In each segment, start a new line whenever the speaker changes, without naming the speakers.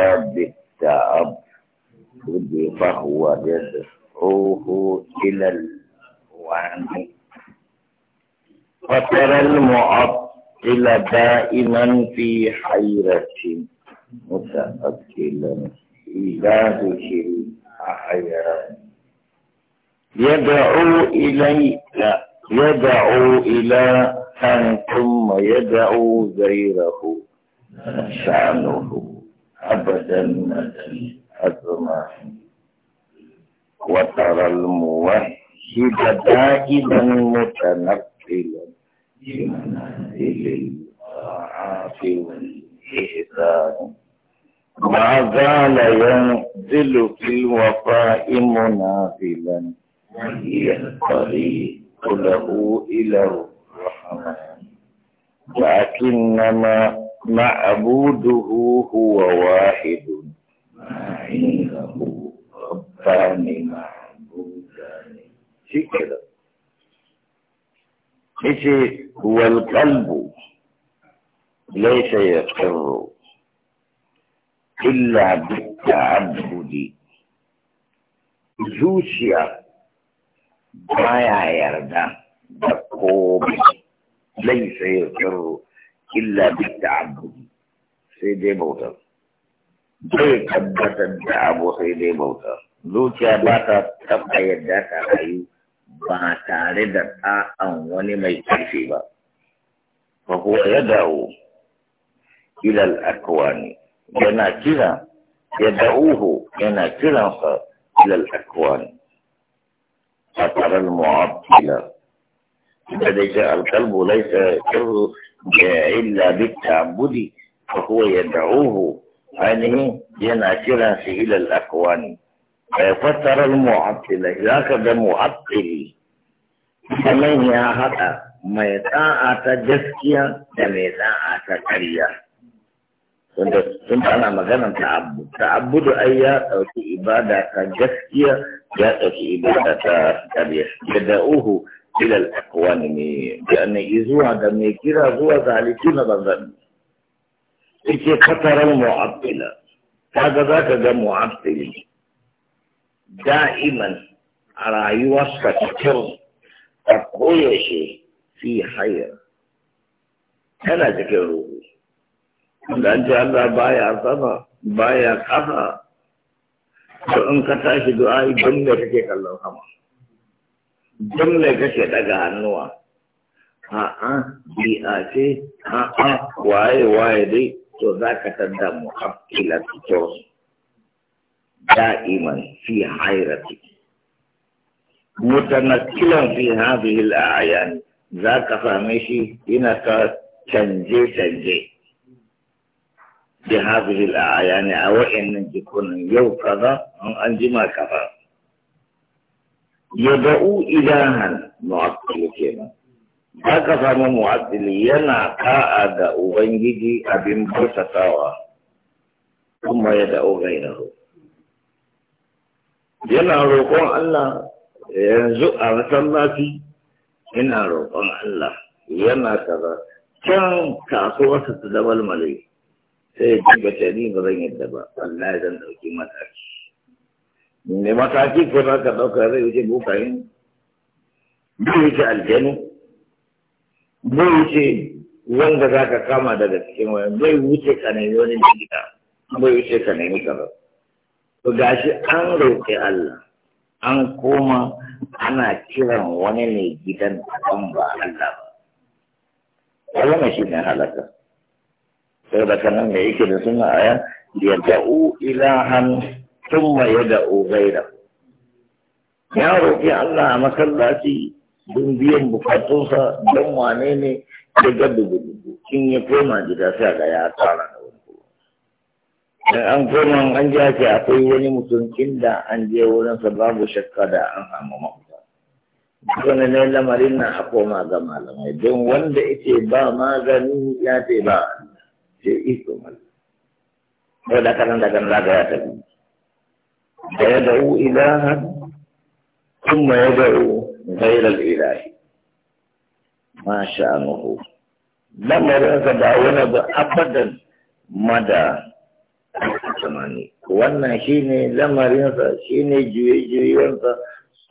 أتى بالتعبد فهو يدعوه إلى الوعن فترى المعطل دائما في حيرة متأكلا إلى ذكر حيرة يدعو إليك يدعو إلى أن ثم يدعو غيره شأنه أبدا أزمع وترى الموحد دائما متنقلا بمنازل الطاعات والإحسان
ما زال ينزل
في الوفاء منازلا وهي الطريق له إلى الرحمن لكنما معبوده واحد ما عنده ربان معبودان شيء كده ايش kalbu laysa ليس illa bitta بالتعبد zuciya baya yarda da komai laisa illa bitta ta'abbudi سيدي dai zai tabbatar da abu sai dai bauta zuciya ba ta taɓa yadda ta rayu ba tare da ɗa'an wani mai ƙarfi ba fa huwa ya dawo ilal akwani yana kira ya da'uhu yana kiransa ilal akwani a tarar mu'abtila da dai ce alkalbu laisa kiru da illa bitta budi fa huwa ya da'uhu ainihin yana kiran shi ilal akwani bai fassarar mu'attila za ka ga mu'attili sannan ya haɗa mai ɗa'a ta gaskiya da mai ɗa'a ta ƙarya sun ta ana abu, ta ta'abbu da ai ya ɗauki ibada ta gaskiya ya ɗauki ibada ta ƙarya da uhu ilal akwani ne da ne zuwa da mai kira zuwa ga na banzan yake kataran mu'abbila kaga za ka ga mu'abbili da'iman a rayuwarsa cikin a koyaushe fi hayar tana cikin ruhu wanda an ce Allah baya sama baya kafa to in ka tashi du'a idan me kake kallon sama idan me kake daga hannuwa a'a bi'a ce a'a waye waye dai ذاك تندم حب إلى تجوز دائما في حيرتي متمكلا في هذه الأعيان ذاك فهمشي إنك تنجي تنجي بهذه الأعيان أو إن تكون يوم كذا أم أنجي ما كذا يدعو إلها معقل كمان zaka samu mu'addili yana ka'a da ubangiji abin bautatawa kuma ya da'o gairahu
yana roƙon
Allah yanzu a masallaci ina roƙon Allah yana kaza can kasuwarsa ta dabal male sai ji ba ta ni ba zan yadda ba Allah zan dauki mataki ne mataki ko za ka ɗauka zai wuce bukayin bi wuce aljanu zai wuce wanda za ka kama daga cikin wayan zai wuce ka nemi wani likita zai wuce ka nemi to an roƙi Allah an koma ana kiran wani ne gidan kan ba Allah ba wannan shi ne halaka sai da kanan da yake da suna aya ya da'u ilahan thumma yada'u ghayra ya roƙi Allah a masallaci don biyan bukatunsa don wane ne ya ga dubu-dubu in ya koma gida sai ga ya tsara da wani kuma. dan an koma an ji ake akwai wani mutum da an je wurinsa babu shakka da an samu mafuta dole ne lamarin na a koma ga malamai don wanda yake ba magani ya ce ba sai iko malamai da kanan daga zaga ya tafi da ya da'u ilahan kuma ya da'u غير الإله ما شأنه da رأى ba أبدا مدى zamani wannan shine lamarinsa shine juye-juyensa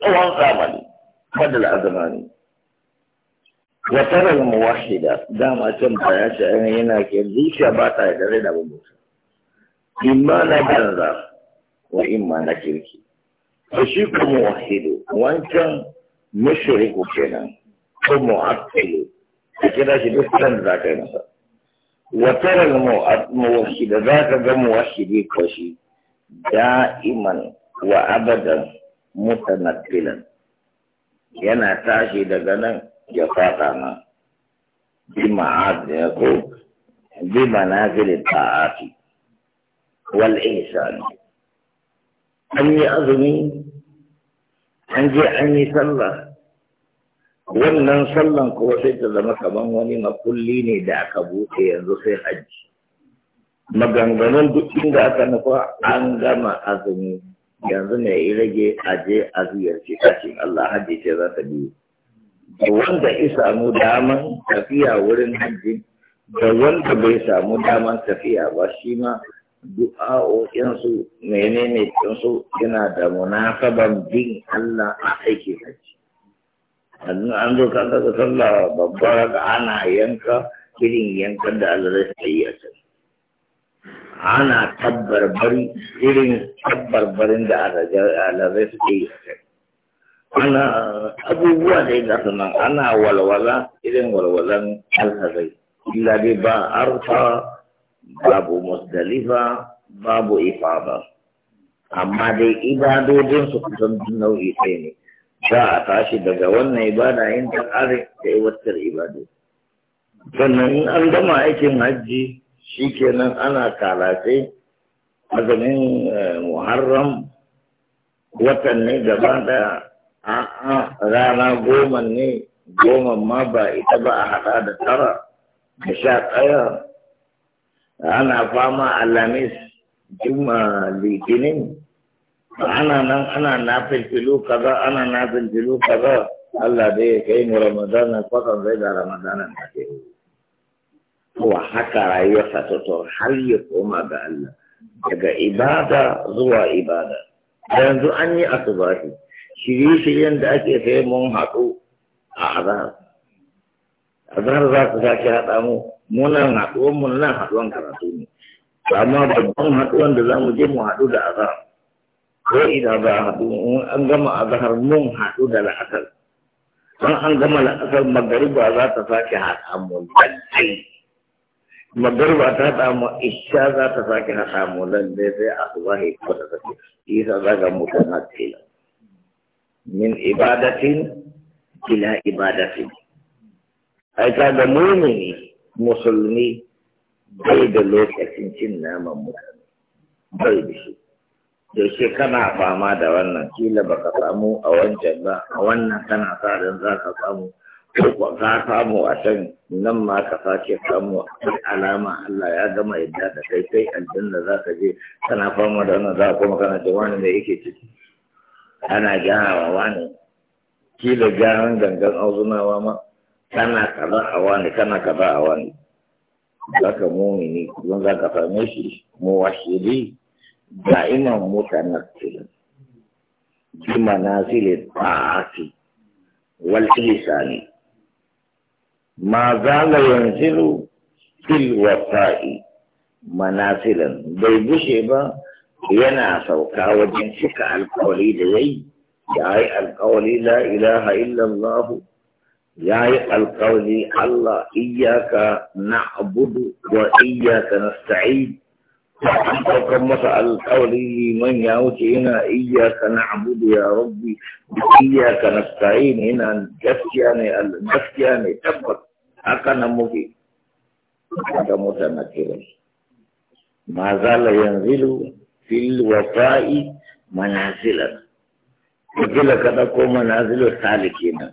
tsawon zamani fadal a zamani da tara muwahida dama can baya shi yana ke zuciya ba ta da rai da babuta imma na banza wa imma kirki to shi kuma wahido wancan mushriku kenan ko mu'attili ka kira shi duk san da zaka yi masa wa tara muwahhida zaka ga muwahhidi ko shi da'iman wa abadan mutanakkilan yana tashi daga nan ya fada na. bi ma'ad ya ko bi manazil ta'ati wal ihsan an yi azumi an je an yi sallah wannan sallan kuwa sai ta zama kamar wani makulli ne da aka buɗe yanzu sai hajji maganganun duk inda aka nufa an gama azumi yanzu ne ya rage aje a ziyarci kacin Allah hajji ce za ta biyu wanda ya samu daman tafiya wurin hajji da wanda bai samu daman tafiya ba shi ma su menene su yana da munasaban bin Allah a aiki haji sannan an zo kan daga sallah babbar da ana yanka irin yankan da Allah zai yi a can ana tabbar bari irin tabbar barin da Allah zai yi a can ana abubuwa da ya gasa nan ana walwala irin walwalan Allah zai illa dai ba arfa babu musdalifa babu ifada amma dai ibadodin su kusan nau'i ɗaya ne za a tashi daga wannan ibada yin ta ƙare da iwatar ibadu sannan in an gama aikin hajji shi kenan ana kalace azumin eh, muharram watan ne gaba da a'a rana goma ne goma ma ba ita ba a haɗa da tara da sha ɗaya ana fama alamis juma litinin ana nan ana na filfilu kaza ana na filfilu kaza Allah dai ya kai mu ramadana kwakan zai da ramadana na ke to haka ya ta to har ya koma ga Allah daga ibada zuwa ibada yanzu an yi asubahi shirye-shiryen da ake sai mun haɗu a azahar azhar za ka sake haɗa mu munan haɗuwan mu nan haɗuwan karatu ne amma babban haɗuwan da za mu je mu haɗu da azhar ko idan za a haɗu an gama azhar mun haɗu da la'asar an an gama la'asar magariba za ta sake haɗa mu lallai magariba ta haɗa mu isha za ta sake haɗa mu lallai sai a zuwa haikuwa da sake isa za ka ga na haɗe min ibadatin ila ibadatin ai ka da mumini musulmi bai da lokacin cin naman mutane bai da shi yaushe kana fama da wannan kila ba ka samu a wancan ba a wannan kana sa ran za ka samu ko ka samu a can nan ma ka sake samu a alama Allah ya gama yadda da kai sai aljanna za ka je kana fama da wannan za ka kuma kana ce wani ne yake ciki ana gyara wa wani kila gyaran gangan auzunawa ma kana kaza a wani kana kaza a wani zaka mumini don zaka same shi muwashiri da'iman mutanassil bi manazil ta'ati wal ihsani ma zala yanzilu fil wafa'i manasilan bai bushe ba yana sauka wajen cika alkawali da yayi Ya ai alkawali la ilaha illallah يا القول الله إياك نعبد وإياك نستعين فكم مسأل قولي من يوتي هنا إياك نعبد يا ربي إياك نستعين هنا نفسياني نفسياني تبت أكا نموكي أكا متنكرا ما زال ينزل في الوفاء منازلنا منازل كذا كو منازل الثالثين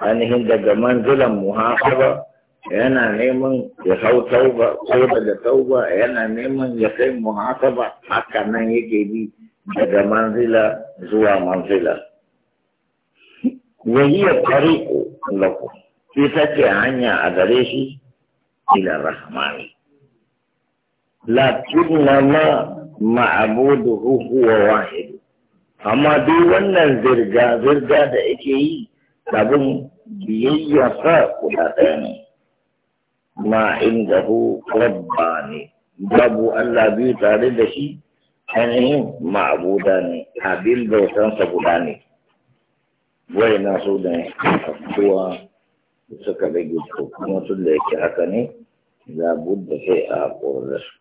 ainihin daga manzilan muhafaba yana neman ya hau tauba ko daga tauba yana neman ya kai muhasaba haka nan yake bi daga manzila zuwa manzila wahiyar tariqu lakum ita ce hanya a gare shi ila rahmani lakinna ma ma'buduhu huwa wahid amma duk wannan zirga zirga da ake yi abin biyayyaka guda ɗaya ne ma inda hu rabba ne babu Allah biyu tare da shi ainihin ma'abuda ne abin bautansa guda ne wai na so da kuwa suka rage ko kuma tun da yake haka ne da sai a ƙorar su